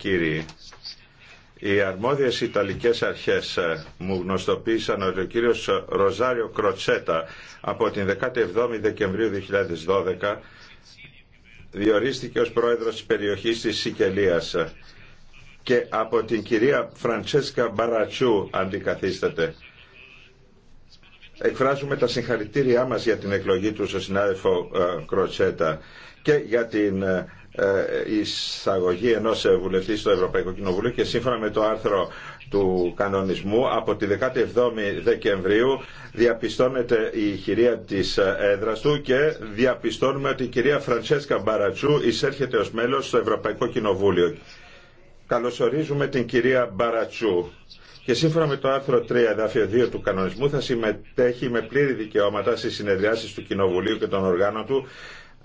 κύριοι, οι αρμόδιες Ιταλικές αρχές ε, μου γνωστοποίησαν ότι ο κύριος Ροζάριο Κροτσέτα από την 17η Δεκεμβρίου 2012 διορίστηκε ως πρόεδρος της περιοχής της Σικελίας και από την κυρία Φραντσέσκα Μπαρατσού αντικαθίσταται. Εκφράζουμε τα συγχαρητήριά μας για την εκλογή του στον συνάδελφο ε, Κροτσέτα και για την ε, ε, εισαγωγή ενό ε, βουλευτή στο Ευρωπαϊκό Κοινοβούλιο και σύμφωνα με το άρθρο του κανονισμού από τη 17η Δεκεμβρίου διαπιστώνεται η χειρία της ε, έδρας του και διαπιστώνουμε ότι η κυρία Φραντσέσκα Μπαρατσού εισέρχεται ως μέλος στο Ευρωπαϊκό Κοινοβούλιο. Καλωσορίζουμε την κυρία Μπαρατσού και σύμφωνα με το άρθρο 3, εδάφιο 2 του κανονισμού θα συμμετέχει με πλήρη δικαιώματα στι συνεδριάσεις του Κοινοβουλίου και των οργάνων του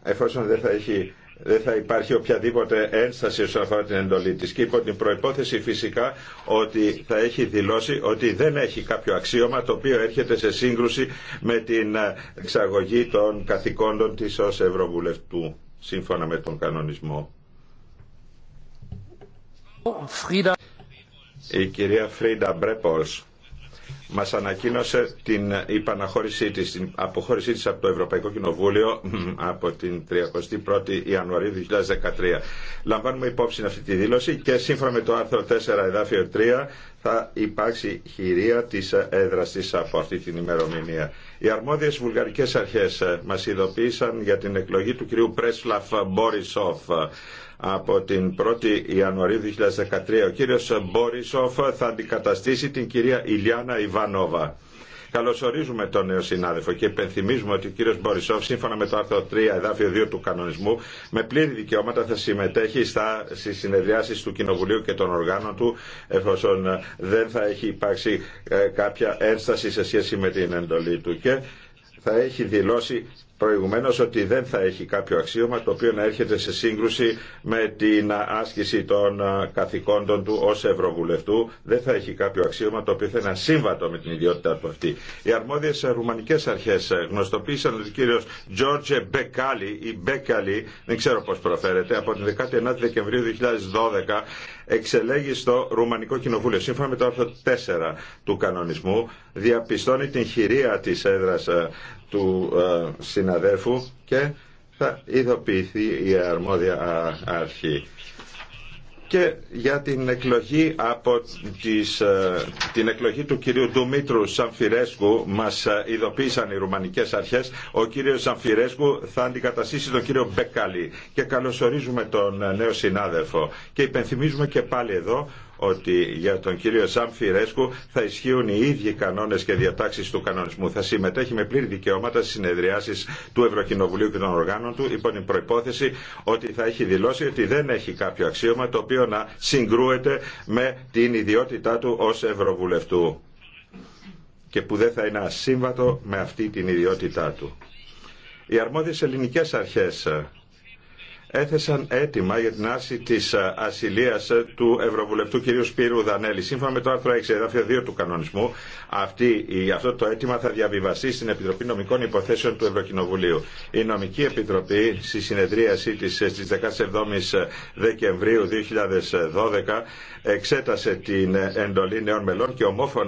εφόσον δεν θα έχει δεν θα υπάρχει οποιαδήποτε ένσταση σε αφορά την εντολή της και υπό την προϋπόθεση φυσικά ότι θα έχει δηλώσει ότι δεν έχει κάποιο αξίωμα το οποίο έρχεται σε σύγκρουση με την εξαγωγή των καθηκόντων της ως Ευρωβουλευτού σύμφωνα με τον κανονισμό. Η κυρία Φρίντα Μπρέπολς μας ανακοίνωσε την υπαναχώρησή της, την αποχώρησή της από το Ευρωπαϊκό Κοινοβούλιο από την 31η Ιανουαρίου 2013. Λαμβάνουμε υπόψη αυτή τη δήλωση και σύμφωνα με το άρθρο 4 εδάφιο 3 θα υπάρξει χειρία της έδρας από αυτή την ημερομηνία. Οι αρμόδιες βουλγαρικές αρχές μας ειδοποίησαν για την εκλογή του κυρίου Πρέσλαφ Μπόρισοφ από την 1η Ιανουαρίου 2013. Ο κύριος Μπόρισοφ θα αντικαταστήσει την κυρία Ηλιάνα Ιβάνοβα. Καλωσορίζουμε τον νέο συνάδελφο και υπενθυμίζουμε ότι ο κύριο Μπορισόφ, σύμφωνα με το άρθρο 3, εδάφιο 2 του κανονισμού, με πλήρη δικαιώματα θα συμμετέχει στι συνεδριάσει του Κοινοβουλίου και των οργάνων του, εφόσον ε, δεν θα έχει υπάρξει ε, κάποια ένσταση σε σχέση με την εντολή του. Και θα έχει δηλώσει προηγουμένως ότι δεν θα έχει κάποιο αξίωμα το οποίο να έρχεται σε σύγκρουση με την άσκηση των καθηκόντων του ως Ευρωβουλευτού δεν θα έχει κάποιο αξίωμα το οποίο θα είναι ασύμβατο με την ιδιότητά του αυτή. Οι αρμόδιες ρουμανικές αρχές γνωστοποίησαν ότι ο κύριος Τζόρτζε Μπεκάλι ή Μπέκαλη, δεν ξέρω πώς προφέρεται, από την 19 Δεκεμβρίου 2012 εξελέγει στο Ρουμανικό Κοινοβούλιο. Σύμφωνα με το άρθρο 4 του κανονισμού διαπιστώνει την χειρία της έδρας του ε, συναδέρφου και θα ειδοποιηθεί η αρμόδια αρχή και για την εκλογή, από ε, την εκλογή του κυρίου Ντουμίτρου Σαμφιρέσκου μας ε, ειδοποίησαν οι ρουμανικές αρχές. Ο κύριος Σαμφιρέσκου θα αντικαταστήσει τον κύριο Μπεκαλή και καλωσορίζουμε τον νέο συνάδελφο και υπενθυμίζουμε και πάλι εδώ ότι για τον κύριο Σαμ Φιρέσκου θα ισχύουν οι ίδιοι κανόνες και διατάξεις του κανονισμού. Θα συμμετέχει με πλήρη δικαιώματα στις συνεδριάσεις του Ευρωκοινοβουλίου και των οργάνων του υπό την προϋπόθεση ότι θα έχει δηλώσει ότι δεν έχει κάποιο αξίωμα το οποίο να συγκρούεται με την ιδιότητά του ως Ευρωβουλευτού και που δεν θα είναι ασύμβατο με αυτή την ιδιότητά του. Οι αρμόδιες ελληνικές αρχές έθεσαν αίτημα για την άρση τη ασυλία του Ευρωβουλευτού κ. Σπύρου Δανέλη. Σύμφωνα με το άρθρο 6, εδάφιο 2 του κανονισμού, αυτή, αυτό το αίτημα θα διαβιβαστεί στην Επιτροπή Νομικών Υποθέσεων του Ευρωκοινοβουλίου. Η Νομική Επιτροπή, στη συνεδρίασή τη στι 17 Δεκεμβρίου 2012, εξέτασε την ε, εντολή νέων μελών και ομόφωνα